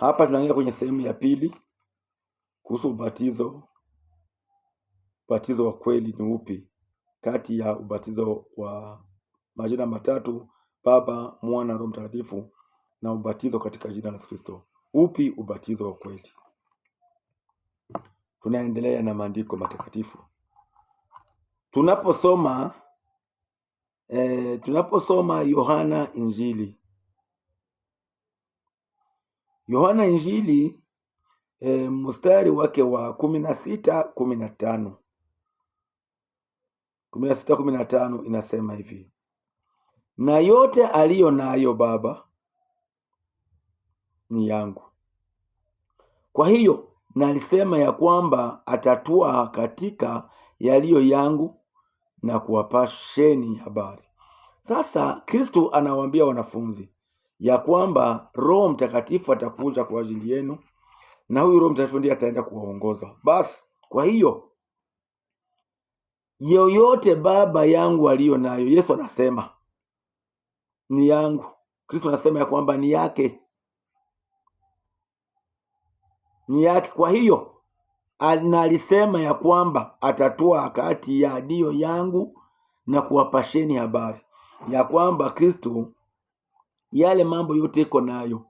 Hapa tunaingia kwenye sehemu ya pili kuhusu ubatizo. Ubatizo wa kweli ni upi kati ya ubatizo wa majina matatu, Baba, Mwana, Roho Mtakatifu, na ubatizo katika jina la Kristo? Upi ubatizo wa kweli? Tunaendelea na maandiko matakatifu tunaposoma eh, tunaposoma Yohana Injili Yohana Injili e, mstari wake wa kumi na sita kumi na tano kumi na sita kumi na tano inasema hivi, na yote aliyo nayo Baba ni yangu. Kwa hiyo nalisema ya kwamba atatua katika yaliyo yangu na kuwapasheni habari. Sasa Kristo anawaambia wanafunzi ya kwamba Roho Mtakatifu atakuja kwa ajili yenu, na huyu Roho Mtakatifu ndiye ataenda kuwaongoza. Basi kwa hiyo yoyote Baba yangu aliyo nayo, Yesu anasema ni yangu. Kristo anasema ya kwamba ni yake, ni yake. Kwa hiyo na alisema ya kwamba atatoa kati ya dio yangu na kuwapasheni habari ya kwamba Kristo yale mambo yote iko nayo.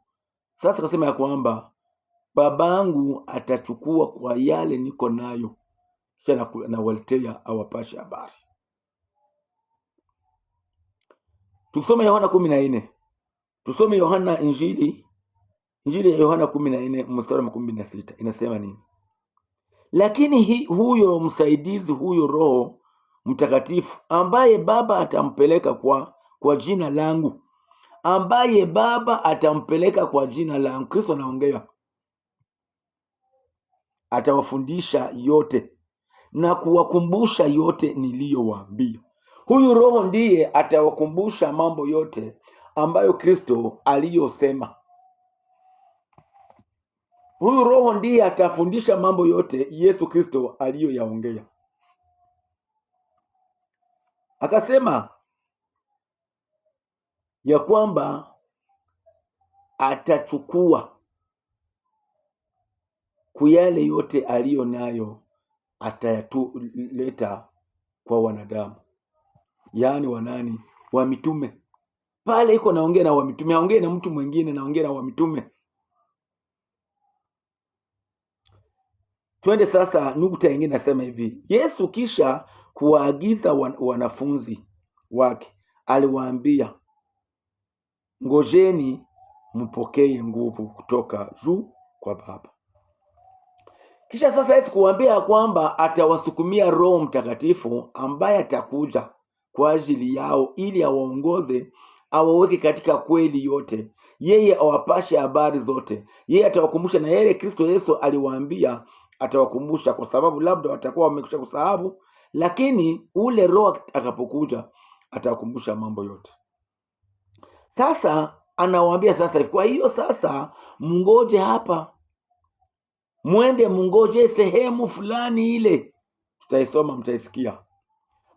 Sasa akasema ya kwamba babangu atachukua kwa yale niko nayo, kisha na- nawaletea awapashe habari. Tukisome Yohana kumi na nne tusome Yohana injili injili ya Yohana kumi na nne mstari wa kumi na sita inasema nini? Lakini hi, huyo msaidizi, huyo Roho Mtakatifu ambaye Baba atampeleka kwa, kwa jina langu ambaye Baba atampeleka kwa jina langu. Kristo anaongea, atawafundisha yote na kuwakumbusha yote niliyowaambia. Huyu Roho ndiye atawakumbusha mambo yote ambayo Kristo aliyosema. Huyu Roho ndiye atafundisha mambo yote Yesu Kristo aliyoyaongea. Akasema ya kwamba atachukua kuyale yote aliyo nayo atayatuleta kwa wanadamu, yaani wanani wa mitume pale iko naongea na wamitume, aongee na mtu mwingine, naongea na wamitume. Twende sasa, nukta nyingine, nasema hivi, Yesu kisha kuwaagiza wanafunzi wake aliwaambia, Ngojeni mpokee nguvu kutoka juu kwa Baba. Kisha sasa Yesu kuambia kwamba atawasukumia Roho Mtakatifu ambaye atakuja kwa ajili yao ili awaongoze, awaweke katika kweli yote, yeye awapashe habari zote, yeye atawakumbusha na yale Kristo Yesu aliwaambia atawakumbusha, kwa sababu labda watakuwa wamekwisha kusahau, lakini ule Roho atakapokuja atawakumbusha mambo yote. Sasa anawaambia sasa hivi, kwa hiyo sasa mngoje hapa, mwende mngoje sehemu fulani, ile tutaisoma, mtaisikia.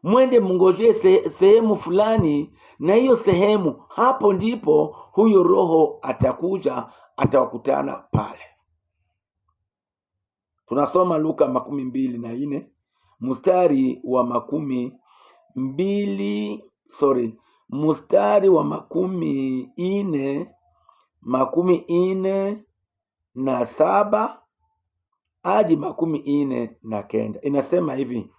Mwende mngoje se, sehemu fulani, na hiyo sehemu, hapo ndipo huyo Roho atakuja, atawakutana pale. Tunasoma Luka makumi mbili na nne mstari wa makumi mbili sorry mustari wa makumi ine makumi ine na saba hadi makumi ine na kenda inasema hivi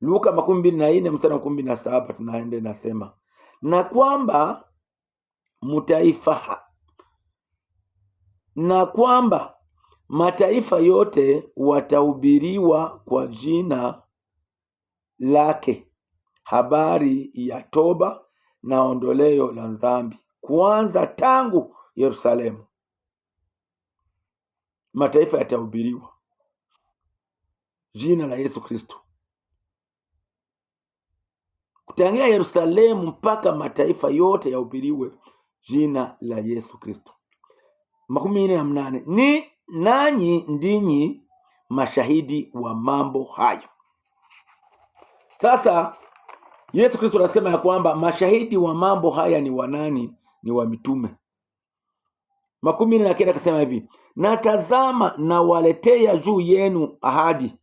Luka makumi mbili na ine mstari wa makumi mbili na saba tunaende inasema na kwamba mutaifa na kwamba mataifa yote watahubiriwa kwa jina lake habari ya toba na ondoleo la dhambi, kuanza tangu Yerusalemu. Mataifa yatahubiriwa jina la Yesu Kristo, kutangia Yerusalemu mpaka mataifa yote yahubiriwe jina la Yesu Kristo. makumi nne na mnane ni nanyi ndinyi mashahidi wa mambo hayo. Sasa Yesu Kristo anasema ya kwamba mashahidi wa mambo haya ni wanani? Ni wa mitume. makumi nne na kenda akasema hivi, na nawaletea juu yenu ahadi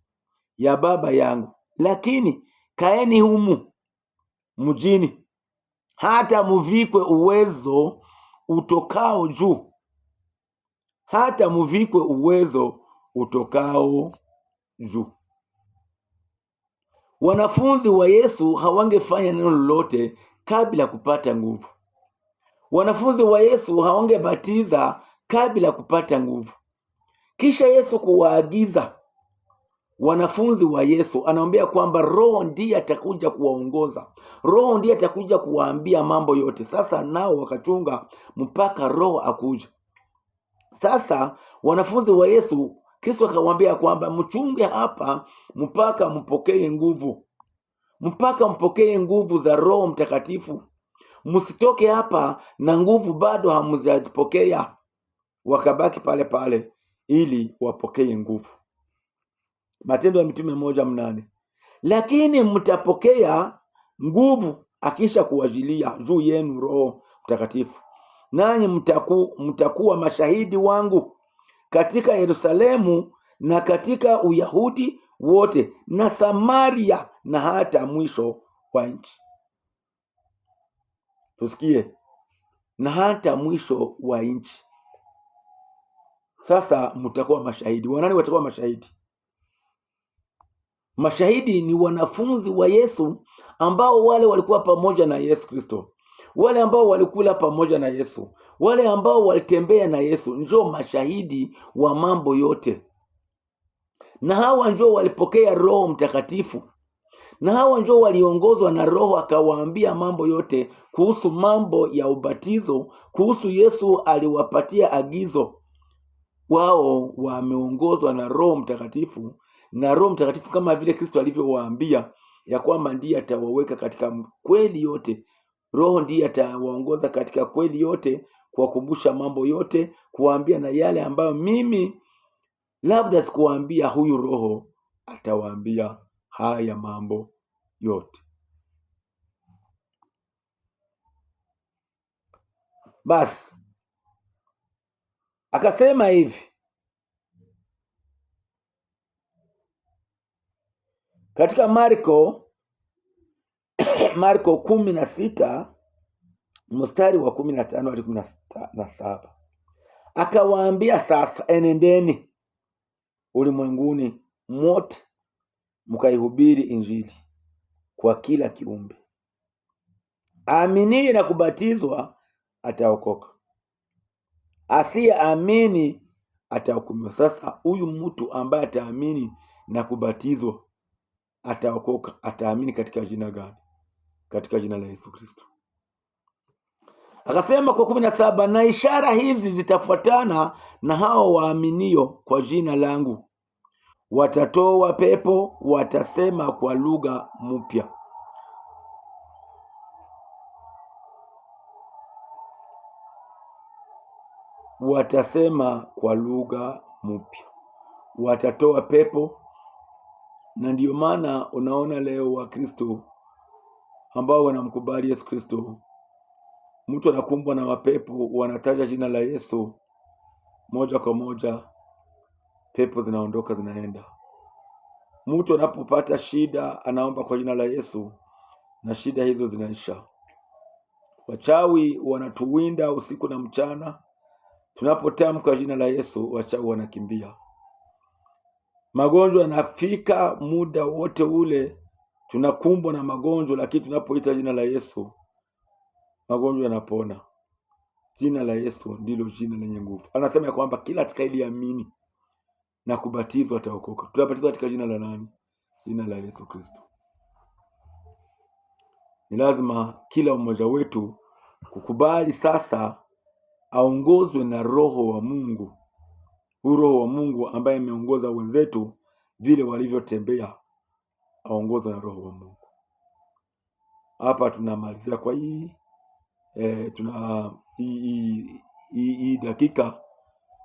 ya Baba yangu, lakini kaeni humu mjini hata muvikwe uwezo utokao juu, hata muvikwe uwezo utokao juu. Wanafunzi wa Yesu hawangefanya neno lolote kabla ya kupata nguvu. Wanafunzi wa Yesu hawangebatiza kabla ya kupata nguvu. Kisha Yesu kuwaagiza wanafunzi wa Yesu, anawaambia kwamba Roho ndiye atakuja kuwaongoza, Roho ndiye atakuja kuwaambia mambo yote. Sasa nao wakachunga mpaka Roho akuja. Sasa wanafunzi wa Yesu Kristo akamwambia kwamba mchunge hapa mpaka mpokee nguvu, mpaka mpokee nguvu za Roho Mtakatifu. Msitoke hapa na nguvu bado hamjazipokea. Wakabaki pale pale ili wapokee nguvu. Matendo ya Mitume moja mnane lakini mtapokea nguvu akisha kuwajilia juu yenu Roho Mtakatifu, nanyi mtaku, mtakuwa mashahidi wangu katika Yerusalemu na katika Uyahudi wote na Samaria na hata mwisho wa nchi. Tusikie, na hata mwisho wa nchi. Sasa mtakuwa mashahidi. Wanani watakuwa mashahidi? Mashahidi ni wanafunzi wa Yesu ambao wale walikuwa pamoja na Yesu Kristo wale ambao walikula pamoja na Yesu, wale ambao walitembea na Yesu, njoo mashahidi wa mambo yote. Na hawa njoo walipokea Roho Mtakatifu, na hawa njoo waliongozwa na Roho akawaambia mambo yote kuhusu mambo ya ubatizo. Kuhusu Yesu aliwapatia agizo, wao wameongozwa na Roho Mtakatifu, na Roho Mtakatifu kama vile Kristo alivyowaambia ya kwamba ndiye atawaweka katika kweli yote Roho ndiye atawaongoza katika kweli yote, kuwakumbusha mambo yote, kuwaambia na yale ambayo mimi labda sikuwaambia. Huyu Roho atawaambia haya mambo yote. Basi akasema hivi katika Marko Marko kumi na sita mstari wa kumi na tano hadi kumi na saba akawaambia, sasa enendeni ulimwenguni mote mkaihubiri Injili kwa kila kiumbe, aaminiye na kubatizwa ataokoka, asiyeamini atahukumiwa. Sasa huyu mtu ambaye ataamini na kubatizwa ataokoka, ataamini katika jina gani? katika jina la Yesu Kristo. Akasema kwa kumi na saba, na ishara hizi zitafuatana na hao waaminio kwa jina langu, watatoa pepo, watasema kwa lugha mpya. watasema kwa lugha mpya, watatoa pepo. Na ndiyo maana unaona leo Wakristo ambao wanamkubali Yesu Kristo. Mtu anakumbwa na mapepo, wanataja jina la Yesu, moja kwa moja pepo zinaondoka, zinaenda. Mtu anapopata shida, anaomba kwa jina la Yesu na shida hizo zinaisha. Wachawi wanatuwinda usiku na mchana, tunapotamka jina la Yesu wachawi wanakimbia. Magonjwa yanafika muda wote ule Tunakumbwa na magonjwa, lakini tunapoita jina la Yesu magonjwa yanapona. Jina la Yesu ndilo jina lenye nguvu. Anasema ya kwamba kila atakayeliamini na kubatizwa ataokoka. Tunabatizwa katika jina la nani? Jina la Yesu Kristo. Ni lazima kila mmoja wetu kukubali sasa aongozwe na Roho wa Mungu, huu Roho wa Mungu ambaye ameongoza wenzetu vile walivyotembea aongozwa na Roho wa Mungu. Hapa tunamalizia kwa hii e, tuna hii, hii, dakika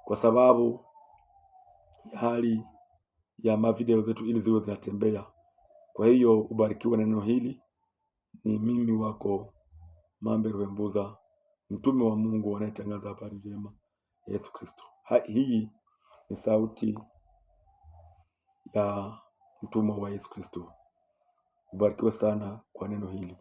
kwa sababu hali ya mavideo zetu ili ziwe zinatembea. Kwa hiyo ubarikiwe neno hili. Ni mimi wako Mambe Ruhembuza, mtume wa Mungu anayetangaza habari njema Yesu Kristo. Hii ni sauti ya mtumwa wa Yesu Kristo. Ubarikiwe sana kwa neno hili.